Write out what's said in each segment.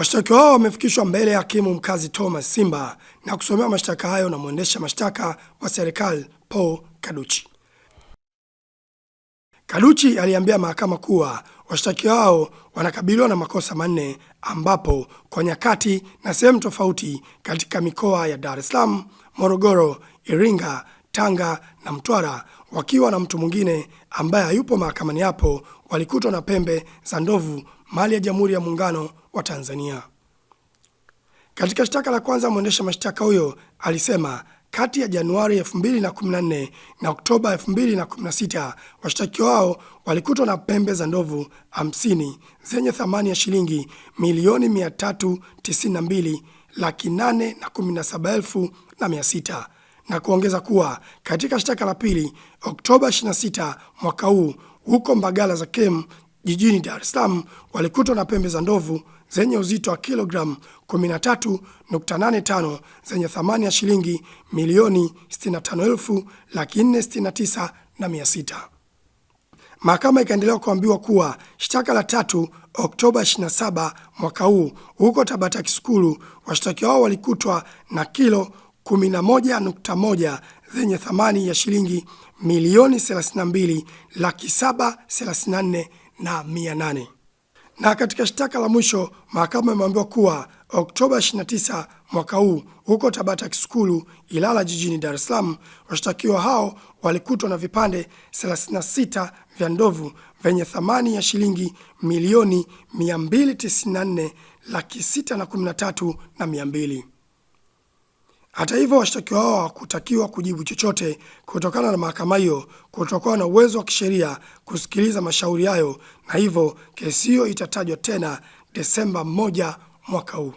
Washtaki hao wamefikishwa mbele ya hakimu mkazi Thomas Simba na kusomewa mashtaka hayo na mwendesha mashtaka wa serikali Paul Kaduchi. Kaduchi aliambia mahakama kuwa washtaki hao wanakabiliwa na makosa manne ambapo kwa nyakati na sehemu tofauti katika mikoa ya Dar es Salaam, Morogoro, Iringa, Tanga na Mtwara wakiwa na mtu mwingine ambaye hayupo mahakamani hapo walikutwa na pembe za ndovu mali ya Jamhuri ya Muungano wa Tanzania. Katika shtaka la kwanza, mwendesha mashtaka huyo alisema kati ya Januari 2014 na Oktoba 2016 washtakiwa wao walikutwa na pembe za ndovu 50 zenye thamani ya shilingi milioni 392 laki nane na na na mia sita na kuongeza kuwa katika shtaka la pili Oktoba 26 mwaka huu huko Mbagala za Kem jijini Dar es Salaam walikutwa na pembe za ndovu zenye uzito wa kilogramu 13.85 zenye thamani ya shilingi milioni 65,469 na 600. Mahakama ikaendelea kuambiwa kuwa shtaka la tatu Oktoba 27 mwaka huu huko Tabata Kisukulu, washtakiwa wao walikutwa na kilo 11.1 zenye thamani ya shilingi milioni 32 laki 734 na mia nane. Na katika shtaka la mwisho mahakama imeambiwa kuwa Oktoba 29 mwaka huu huko Tabata Kisukulu Ilala jijini Dar es Salaam, washtakiwa hao walikutwa na vipande 36 vya ndovu vyenye thamani ya shilingi milioni 294 laki 6 na 13 na 200. Hata hivyo, washtakiwa hao hawakutakiwa kujibu chochote kutokana na mahakama hiyo kutokuwa na uwezo wa kisheria kusikiliza mashauri hayo, na hivyo kesi hiyo itatajwa tena Desemba moja mwaka huu.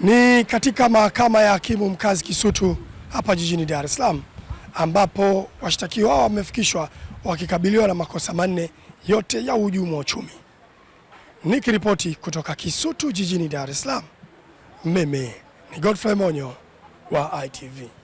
Ni katika mahakama ya hakimu mkazi Kisutu hapa jijini Dar es Salaam ambapo washtakiwa hao wamefikishwa wakikabiliwa na makosa manne yote ya uhujumu wa uchumi. Nikiripoti kutoka Kisutu jijini Dar es Salaam, mimi ni Godfrey Monyo. wa ITV.